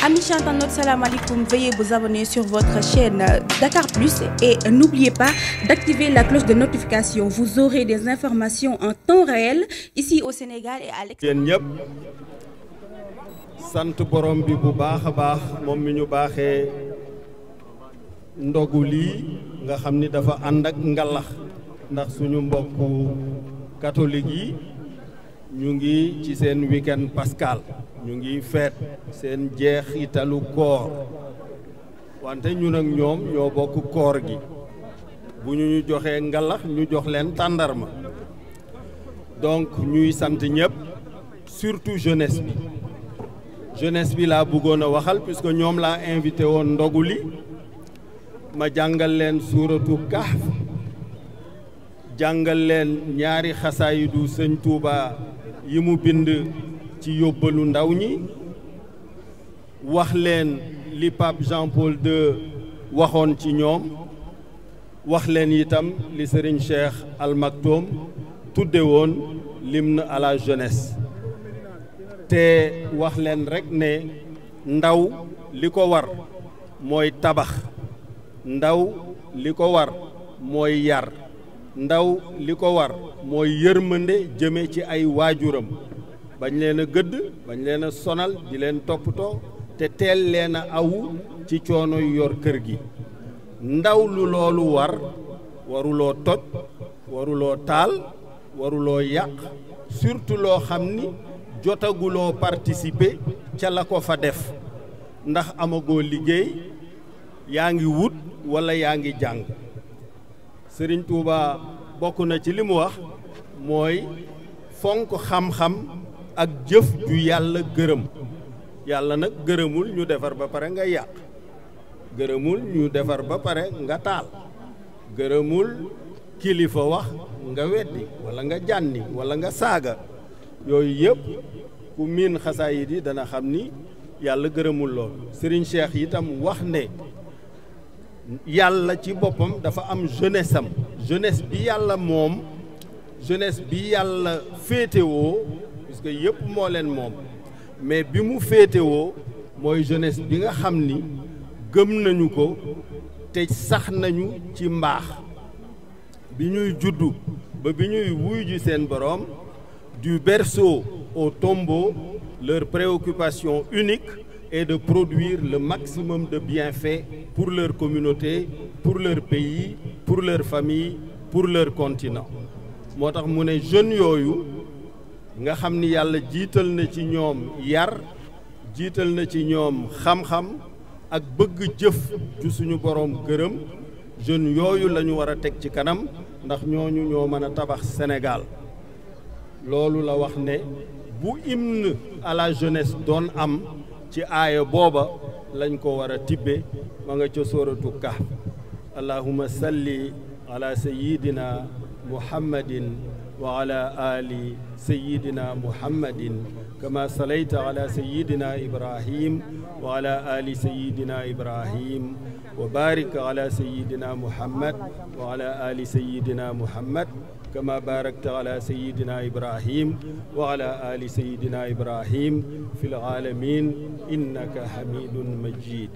Amis internautes, salam alaikum. Veuillez vous abonner sur votre chaîne Dakar Plus et n'oubliez pas d'activer la cloche de notification. Vous aurez des informations en temps réel ici au Sénégal et à l'extérieur. Yéen sant borom bi bu baax a baax moom mi ñu baaxee ndogu lii nga xam ni dafa ànd ak ngalax ndax suñu mbokku catholique yi ñu ngi ci seen week-end pascal. ñu ngi feet seen jeexitalu koor wante ñun ak ñoom ñoo bokk koor gi bu ñu ñu joxee ngalax ñu jox leen tàndarma donc ñuy sant ñëpp surtout jeunesse bi jeunesse bi laa bëggoon a waxal puisque ñoom laa invité woon ndogu li ma jàngal leen suuratu kahf jàngal leen ñaari xasaayidu sëñ Tuuba yi mu bind ci yóbbalu ndaw ñi wax li pape Jean Paul II waxoon ci ñoom waxleen leen itam li Serigne Cheikh Al Maktoum tudde woon l'hymne à la jeunesse te wax leen rek ne ndaw li ko war mooy tabax ndaw li ko war mooy yar ndaw li ko war mooy yërmande jëme ci ay waajuram bañ leen a gëdd bañ leen a sonal di leen toppatoo te teel leen a awu ci coono yu yor kër gi ndaw lu loolu war waruloo toj waruloo taal waruloo yàq surtout loo xam ni jotaguloo participer ca la ko fa def ndax amagoo liggéey yaa ngi wut walla yaa ngi jàng Sëriñ Tuuba bokk na ci li mu wax mooy fonk xam-xam ak jëf ju yàlla gërëm yàlla nag gërëmul ñu defar ba pare nga yàq gërëmul ñu defar ba pare nga taal gërëmul kilifa wax nga weddi wala nga jànni walla nga saaga yooyu yëpp ku miin xasaayid yi dana xam ni yàlla gërëmul sëriñ Serigne Cheikh itam wax ne yàlla ci boppam dafa am jeunesse am bi yàlla moom jeunesse bi yàlla féetewoo parce que yëpp moo leen moom mais bi mu féetewoo mooy jeunesse bi nga xam ni gëm nañu ko te sax nañu ci mbaax bi ñuy juddu ba bi ñuy wuy ji seen boroom du berso au tombo leur préoccupation unique est de produire le maximum de bienfaits pour leur communauté pour leur pays pour leur famille pour leur continent moo tax mu ne jeunes yooyu nga xam ni yàlla jiital na ci ñoom yar jiital na ci ñoom xam-xam ak bëgg jëf ju suñu boroom gërëm jeunes yooyu lañu war a teg ci kanam ndax ñooñu ñoo mën a tabax Sénégal loolu la wax ne bu hymne à la jeunesse doon am ci aaya booba lañ ko war a tibbe ma nga ca sóoratu Kahf allahumma salli ala sayyidina muhammadin wa ala ali sayyidina muhammadin kama salayta ala sayyidina ibrahim wa ala ali sayyidina ibrahim wa barik ala sayyidina muhammad wa ala ali sayyidina muhammad kama barakta ala sayyidina ibrahim wa ala ali sayyidina ibrahim fil alamin innaka hamidun majid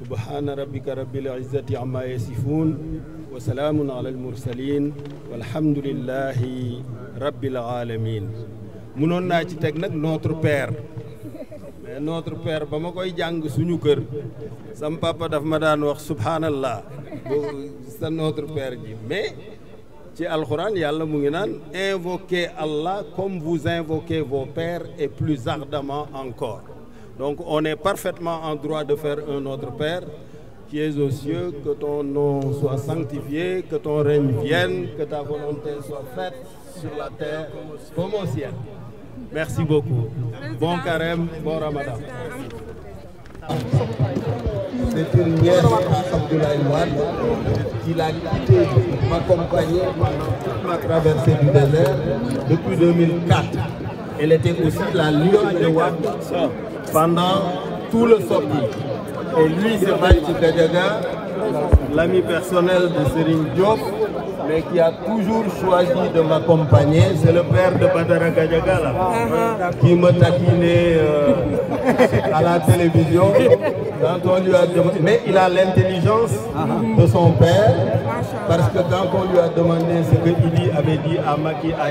subhaana rabbika rabbil izzati amma yasifuun wa salaamun ala almursalin walhamdulillahi rabbil alamin munoon naa ci teg nag notre père mais notre père ba ma koy jàng suñu kër sam papa ma daan wax subhaanallah sa notre père ji mais ci alxuraan yàlla mu ngi naan invoquez Allah comme vous invoquez vos pères et plus ardemment encore Donc on est parfaitement en droit de faire un autre Père qui es aux cieux, que ton nom soit sanctifié, que ton règne vienne, que ta volonté soit faite sur la terre comme au ciel. Merci beaucoup. Bon carême, bon ramadan. qui l'a quitté ma traversée du désert depuis Elle était aussi la lionne de Wade pendant tout le sortie. Et lui, c'est Maïti Gadiaga, l'ami personnel de Serine Diop, mais qui a toujours choisi de m'accompagner. C'est le père de Badara Gadiaga, là, uh-huh. qui me taquinait euh, à la télévision. Uh-huh. Quand on lui a demandé, ce que Idi avait dit à Maki à